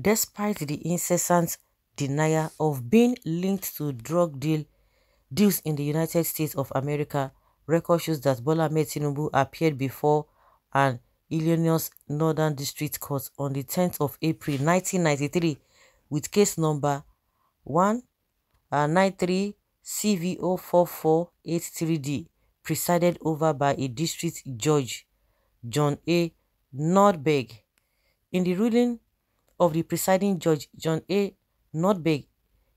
despite the incessant denial of being linked to drug deal deals in the United States of America, record shows that Bola Metinubu appeared before an Illinois Northern District Court on the 10th of April 1993 with case number one uh, nine three CVO 4483D, presided over by a district judge, John A. Nordberg. In the ruling, of the presiding judge John A. Nordberg,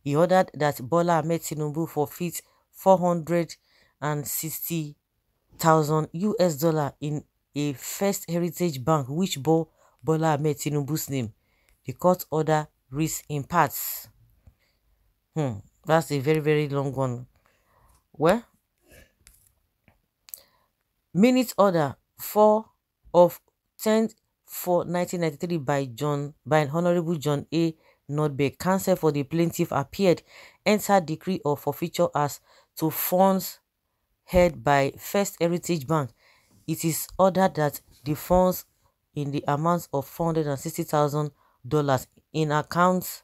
he ordered that Bola Ahmed Tinubu forfeit 460,000 US dollar in a First Heritage Bank which bore Bola Ahmed Tinubu's name. The court order reads in parts. Hmm, that's a very, very long one. Well, minute order 4 of 10th 4, 1993 by John by Honorable John A. Nordberg, counsel for the plaintiff appeared, entered decree of forfeiture as to funds held by First Heritage Bank. It is ordered that the funds in the amount of $460,000 in accounts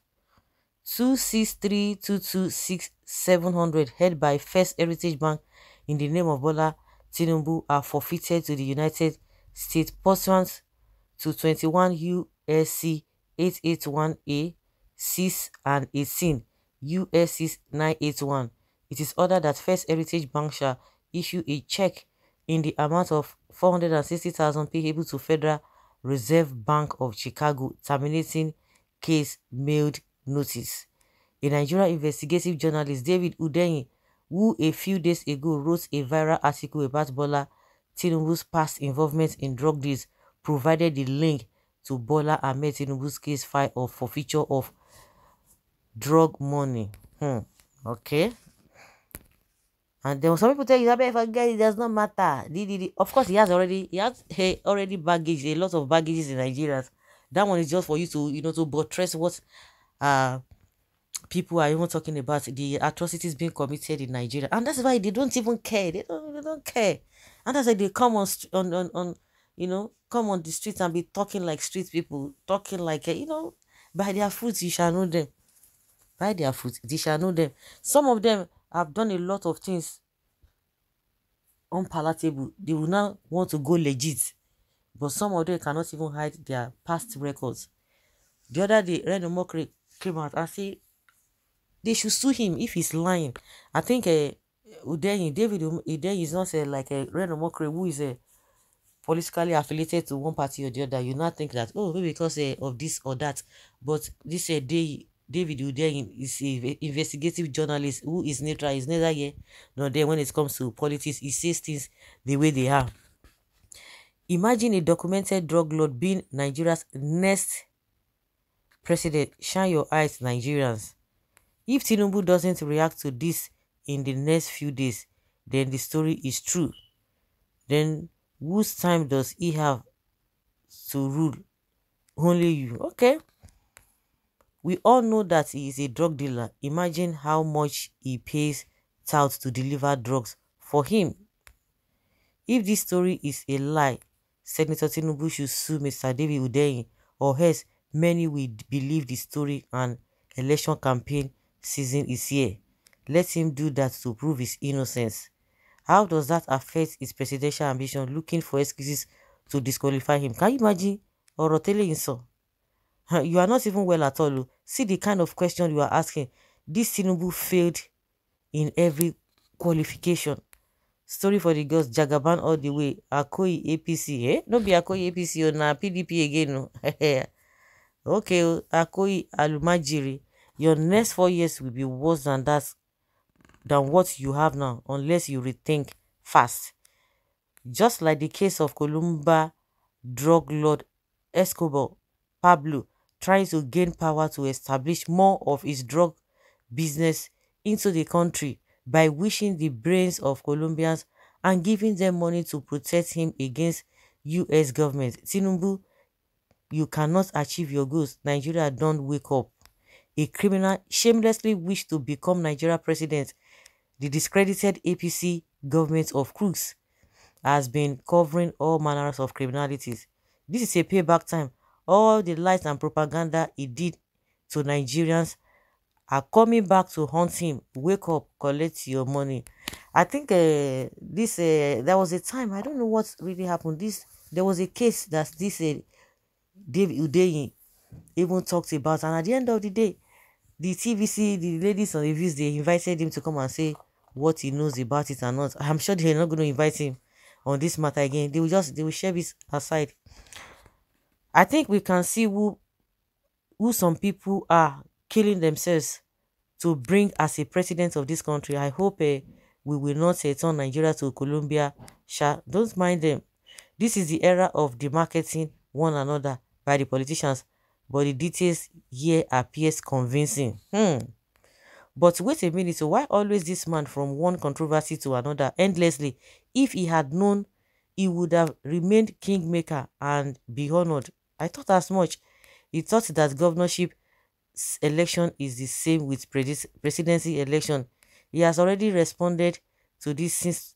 263226700 held by First Heritage Bank in the name of Bola Tinubu are forfeited to the United States pursuant to 21 USC 881A 6 and 18 USC 981. It is ordered that First Heritage Bank shall issue a check in the amount of 460,000 payable to Federal Reserve Bank of Chicago terminating case mailed notice. A Nigerian investigative journalist David Udenyi, who a few days ago wrote a viral article about Bola Tinubu's past involvement in drug deals, provided the link to Bola Ahmed Tinubu's case file of forfeiture of drug money. Hmm. Okay. And then some people tell you that if I get it, does not matter. Of course, he has already he has he already baggage a lot of baggages in Nigeria. That one is just for you to you know to buttress what uh people are even talking about the atrocities being committed in Nigeria, and that's why they don't even care. They don't they don't care, and that's why they come on on on, on you know come on the street and be talking like street people, talking like, eh, you know, by their fruits you shall know them. By their fruits, they shall know them. Some of them have done a lot of things unpalatable. They will now want to go legit. But some of them cannot even hide their past records. The other day, Reno Mokri came out and said they should sue him if he's lying. I think uh, Udeyin, David Udeyin is not uh, like a Reno Mokri who is a politically affiliated to one party or the other, you not think that, oh, maybe because uh, of this or that. But this uh, day, David Udeyin is an investigative journalist who is neutral, is neither here nor there when it comes to politics. He says things the way they are. Imagine a documented drug lord being Nigeria's next president. Shine your eyes, Nigerians. If Tinubu doesn't react to this in the next few days, then the story is true. Then Whose time does he have to rule? Only you. Okay. We all know that he is a drug dealer. Imagine how much he pays tout to deliver drugs for him. If this story is a lie, Senator Tinubu should sue Mr. David Udeyin or else many will believe the story and election campaign season is here. Let him do that to prove his innocence. How does that affect his presidential ambition looking for excuses to disqualify him? Can you imagine? Or so? You are not even well at all. Oh. See the kind of question you are asking. This Tinubu failed in every qualification. Story for the girls, Jagaban all the way. Akoi APC, eh? No be Akoi APC or oh, na PDP again. No. Oh. okay, Akoi Alumajiri. Your next four years will be worse than that than what you have now unless you rethink fast. Just like the case of Columba drug lord Escobar Pablo trying to gain power to establish more of his drug business into the country by wishing the brains of Colombians and giving them money to protect him against US government. Tinubu, you cannot achieve your goals. Nigeria don't wake up. A criminal shamelessly wished to become Nigeria president the discredited APC government of Cruz has been covering all manners of criminalities. This is a payback time. All the lies and propaganda he did to Nigerians are coming back to haunt him. Wake up, collect your money. I think uh, this uh, there was a time I don't know what really happened. This there was a case that this uh, David Udeyi even talked about, and at the end of the day, the TVC, the ladies on the views, they invited him to come and say what he knows about it or not. I'm sure they're not going to invite him on this matter again. They will just they will share his aside. I think we can see who who some people are killing themselves to bring as a president of this country. I hope uh, we will not uh, turn Nigeria to Colombia. Sha, don't mind them. This is the era of demarcating one another by the politicians, but the details here appears convincing. Hmm. But wait a minute, so oh, why always this man from one controversy to another endlessly? If he had known, he would have remained kingmaker and be honored. I thought as much. He thought that governorship election is the same with presidency election. He has already responded to this since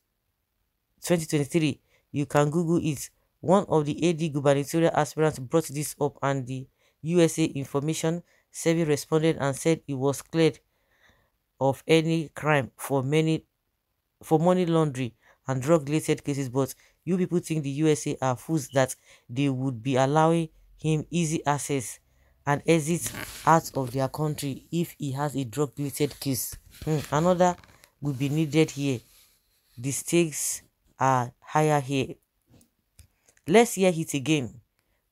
2023. You can Google it. One of the AD gubernatorial aspirants brought this up and the USA Information Service responded and said it was cleared of any crime for many for money laundering and drug related cases but you people think the USA are fools that they would be allowing him easy access and exit out of their country if he has a drug related case. Hmm. Another will be needed here. The stakes are higher here. Let's hear it again.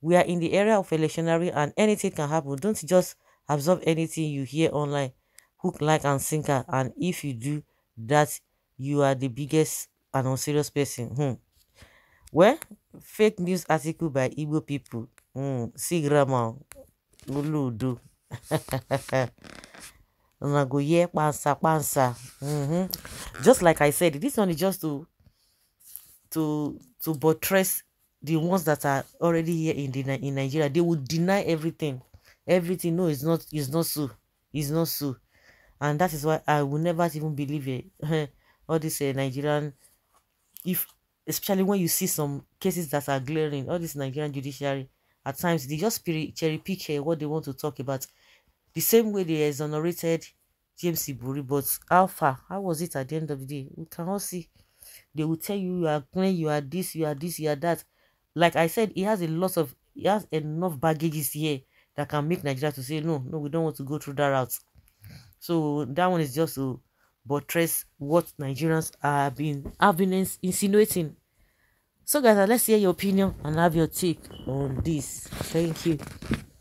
We are in the area of electionary and anything can happen. Don't just absorb anything you hear online hook, like, and sinker. And if you do that, you are the biggest and unserious person. Hmm. Well, fake news article by Igbo people. Hmm. See grammar. Uludu. Una go hear pansa pansa. Mm-hmm. Just like I said, this one is just to to to buttress the ones that are already here in the in Nigeria. They would deny everything. Everything. No, it's not. It's not so. It's not so. and that is why I will never even believe it. all this uh, Nigerian, if especially when you see some cases that are glaring, all this Nigerian judiciary at times they just cherry pick eh, what they want to talk about. The same way they exonerated James Iburi, but how far? How was it at the end of the day? We cannot see. They will tell you you are clean, you are this, you are this, you are that. Like I said, he has a lot of he has enough baggages here that can make Nigeria to say no, no, we don't want to go through that route. So that one is just to buttress what Nigerians are being have been insinuating. So guys, uh, let's hear your opinion and have your take on this. Thank you.